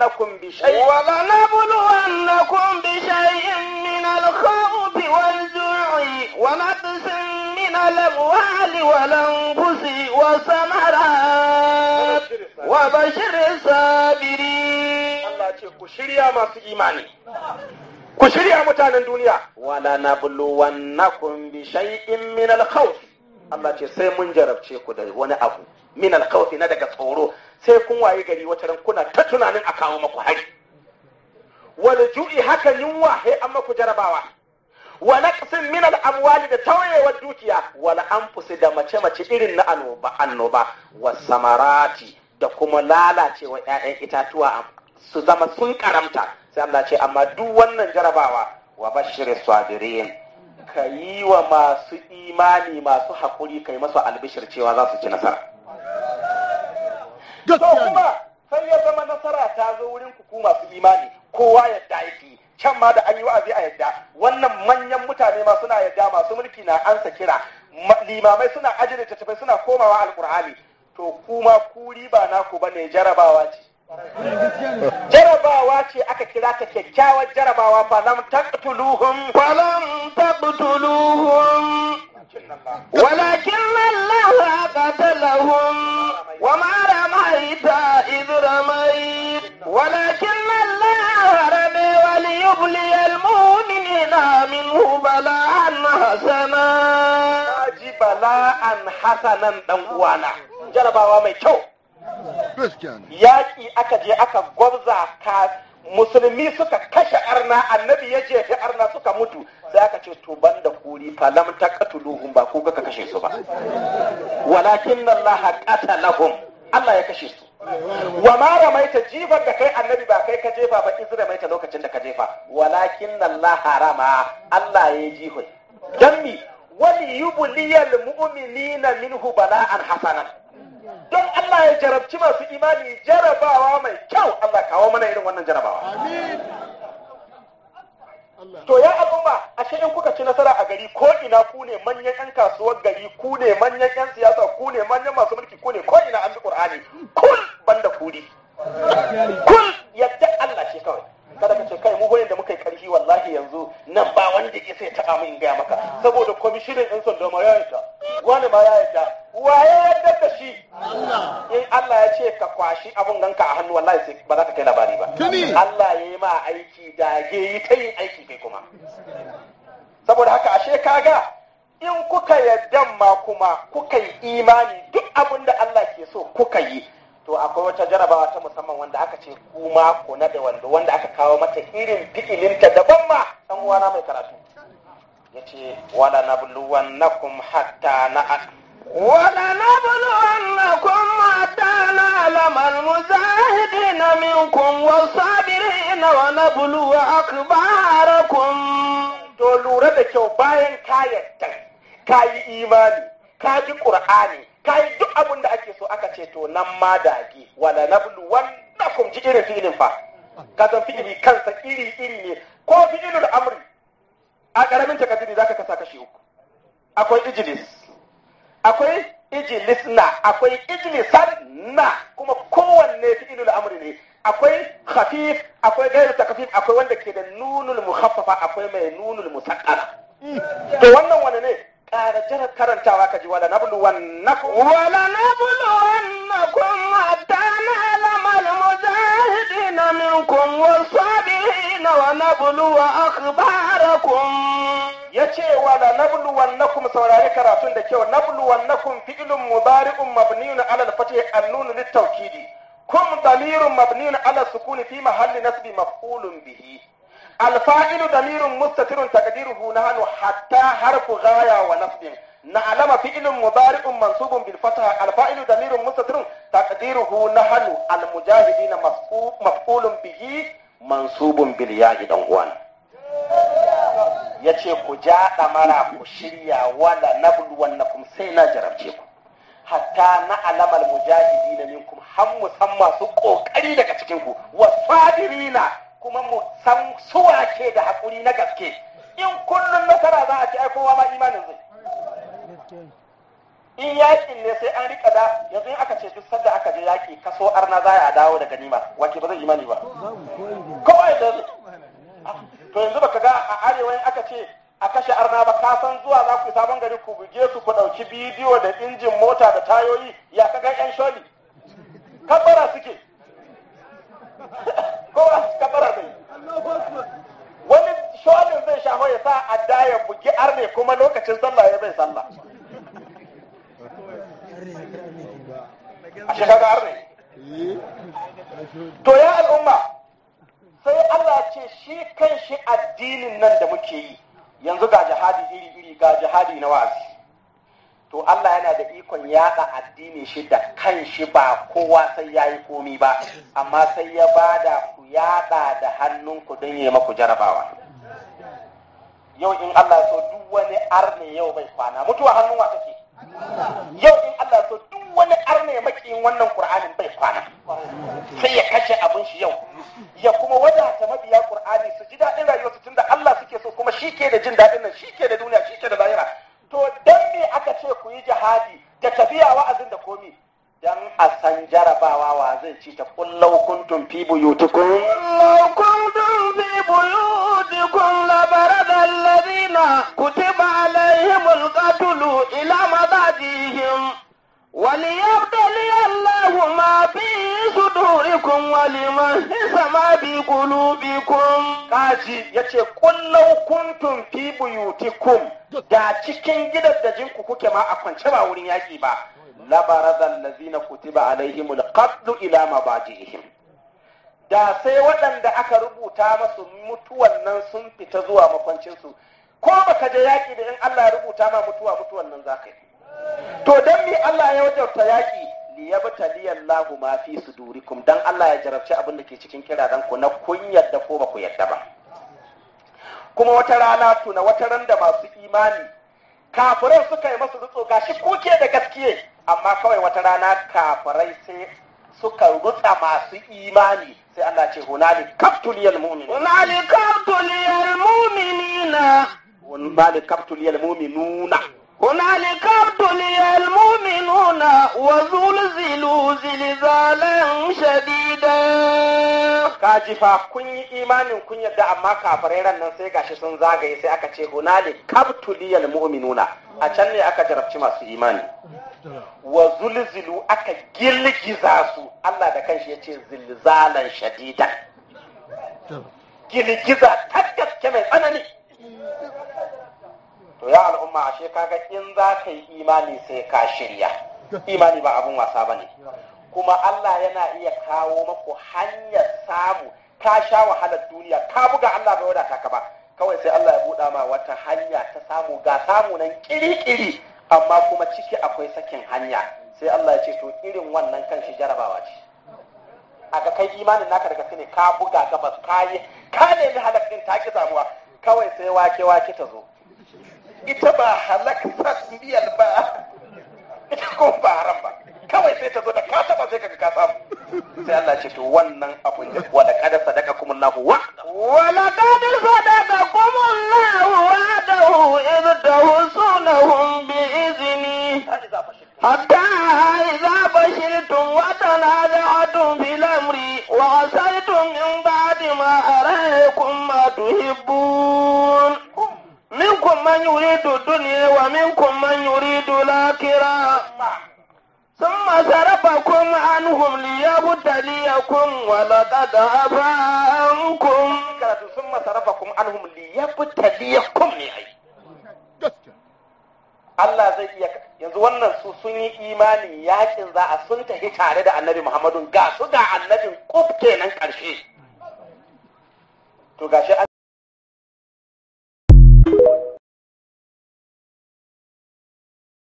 نبلونكم بشيء ولنبلونكم بشيء من الخوف والجوع ونقص من الأموال والأنفس والثمرات وبشر الصابرين ku shirya ku shirya mutanen duniya wala nabluwannakum bi shay'in min al Allah ce sai mun jarabce ku da wani abu min alkhawfi na daga tsoro sai kun waye gari wata ran kuna ta tunanin a kawo maku hari wal ju'i haka yunwa he an maku jarabawa wa naqsin min al amwali da tauyewar dukiya wal anfusi da mace mace irin na annoba annoba was samarati da kuma lalacewa ƴaƴan itatuwa su zama sun karamta sai Allah ce amma duk wannan jarabawa wa bashirin sabirin ka yi wa masu imani masu haƙuri kai masu albishir cewa za su ci nasara to kuma sai ya zama nasara ta zo wurin ku masu imani kowa yadda yake can ma da an yi wa'azi a yadda wannan manyan mutane ma suna yadda masu mulki na ansa kira limamai suna ajiye littattafai suna komawa alkur'ani to kuma ku riba naku bane jarabawa ce jarabawa ce aka kira ta kyakkyawar jarabawa falam taqtuluhum falam taqtuluhum walakin Allah qatalahum wa ma ramaita id ramait walakin Allah rama wa liyubli almu'minina minhu bala'an hasana ji bala'an hasanan dan uwana jarabawa mai kyau yaƙi aka je aka gwabza ka musulmi suka kashe arna annabi ya jefe arna suka mutu sai aka ce to da kuri fa lam taqtuluhum ba ko ga ka kashe su ba walakin Allah qatalahum Allah ya kashe su wa ma ramaita jibar da kai annabi ba kai ka jefa ba mai ta lokacin da ka jefa walakin Allah harama Allah ya jihoi dan mi wali yubliyal mu'minina minhu bala'an hasanan Allah ya jarabci masu imani jarabawa mai kyau Allah kawo mana irin wannan jarabawa to ya al'umma ashe in kuka ci nasara a gari ko ina ku ne manyan yan kasuwar gari ku ne manyan yan siyasa ku ne manyan masu wani ma ya yadda waye yadda da shi in Allah ya ce ka kwashi abun ganka a hannu wallahi sai ba za ka kai labari ba Allah ya yi ma aiki da ya yi ta yin aiki kai kuma saboda haka ashe kaga in kuka yadda ma kuma kuka yi imani duk abin da Allah ke so kuka yi to akwai wata jarabawa ta musamman wanda aka ce kuma ku na da wanda aka kawo mata irin fi'ilinta daban ma dan uwana mai karatu yace wala nabluwannakum hatta na wala nabluwannakum hatta na alamal muzahidina minkum was wa nablu akbarakum to lura da kyau bayan ka yadda ka yi imani ka ji qur'ani ka yi duk abin da ake so aka ce to nan ma dage wala nabluwannakum ji irin filin fa ka san fi kansa iri iri ne ko fi'ilul amri a ƙaramin takardiri za ka kasa kashi uku akwai ijilis akwai ijilis na akwai ijilisar na kuma kowanne fi'ilul amri ne akwai khafif akwai gairu takfif akwai wanda ke da nunul mukhaffafa akwai mai nunul musaqqara to wannan wani ne ƙara jira karantawa ka ji wala nablu wannakum wala nablu wannakum hatta na'lamal mujahidina minkum was wa nablu wa wala nabluwannakum saurari karatun da kyau nabluwannakum fi'lun mudari'un mabniun ala al-fathi an-nun lit kum damirun mabniun ala sukuni fi mahalli nasbi maf'ulun bihi الفاعل ضمير مستتر تقديره نحن mubari'un حرف bil ونصب نعلم فعل مضارع منصوب بالفتحة الفاعل ضمير مستتر تقديره نحن المجاهدين مفعول به منصوب بالياء دنوان ya ce ku ja ɗamara ku shirya wala na kuma sai na jarabce ku hatta na alamar mujahidi na minkum har mu san masu ƙoƙari daga cikin ku wa sadirina kuma mu san suwa ke da haƙuri na gaske in kullum nasara za a ci ai kowa ma imanin zai in yakin ne sai an riƙa da yanzu in aka ce duk sadda aka je yaki kaso arna za a dawo da ganima wake ba zai imani ba kawai da to yanzu baka ga a arewa in aka ce a kashe arna ba ka san zuwa za ku sabon gari ku buge su ku ɗauki bidiyo da injin mota da tayoyi ya ka ga yan sholi kabbara suke kowa kabbara ne wani sholin zai sha ya sa adda ya buge arne kuma lokacin sallah ya bai sallah a shekaru arne eh. to ya al'umma Allah ya ce shi kan shi addinin nan da muke yi yanzu ga jihadi iri-iri ga jihadi na wa'azi to Allah yana da ikon yaɗa addinin shi da kan shi ba kowa sai ya yi komi ba amma sai ya bada ku yaɗa da hannunku don yi maku jarabawa yau in Allah so duk wani arne yau bai kwana mutuwa hannun wa ke yau in Allah so duk wani arne makiyin wannan qur'anin bai kwana sai ya kashe abin shi yau ya kuma wadata mabiya kur'ani, su ji daɗin rayuwarsu tunda Allah suke so kuma shi ke da jin daɗin nan shi da duniya shi da lahira to dan me aka ce ku yi jihadi da tafiya wa'azin da komi dan a san jarabawa wa zai ci ta kullau kuntum fi buyutikum kuntum fi buyutikum la barada alladhina kutiba alaihimul qatlu ila madadihim وليبتلي الله ما في صدوركم ولمن ما في قلوبكم kaji yace kullau كنتم fi بيوتكم da cikin gidan da jinku kuke ma a kwance ba wurin yaki ba labaraza allazina kutiba alaihimul qatl ila mabadiihim da sai waɗanda aka rubuta masu mutuwan nan sun fita zuwa makwancinsu ko baka je yaki da in Allah ya rubuta ma mutuwa mutuwan nan ka yi to dan mi Allah ya wajarta yaki li yabtali Allahu ma fi sudurikum dan Allah ya jarabci abin da ke cikin kiraran ku na kun yadda ko ba ku yadda ba kuma wata rana tuna wata ran da masu imani kafirai suka yi masu rutso gashi kuke da gaskiye amma kawai wata rana kafirai sai suka rutsa masu imani sai Allah ce hunali kaptuliyal mu'minin hunali kaptuliyal mu'minina hunali هنالك ابتلي المؤمنون وزلزلوا زلزالا شديدا kaji fa kun yi imanin kun yadda amma kafirai ran nan sai gashi sun zagaye sai aka ce hunali kabtuliyal mu'minuna a can ne aka jarabci masu imani wa zulzilu aka girgiza su Allah da kanshi yace zilzalan shadidan girgiza ta gaske mai tsanani to ya al'umma ashe kaga in za ka yi imani sai ka shirya imani ba abun wasa bane kuma Allah yana iya kawo maku hanyar samu ka sha wahalar duniya ka buga Allah bai wadata ka ba kawai sai Allah ya buɗa ma wata hanya ta samu ga samu nan kiri-kiri amma kuma ciki akwai sakin hanya sai Allah ya ce to irin wannan kanshi jarabawa ce A ga kai imanin naka daga ne ka buga gabas ka yi ka nemi halakin ta ki zamuwa kawai sai wake wake ta zo ita ba halak miyal ba ita ko ba haram ba kawai sai ta zo da ka taba sai kaga ka samu sai Allah ce to wannan abun da wala kada sadaka kuma Allahu wa wala kada sadaka kuma na huwa Allahu wa dahu idahu sunahum bi izni hatta idza bashirtum wa tanaza'tum bil amri wa asaytum min ba'di ma arakum ma tuhibbun minkum man yuridu dunya wa minkum man yuridu lakira thumma sarafakum anhum liyabtaliyakum wa laqad afa ankum thumma sarafakum anhum liyabtaliyakum ne ai Allah zai iya yanzu wannan su sun yi imani yakin za a sun tafi tare da annabi Muhammadun ga su ga annabin kuf kenan karshe to gashi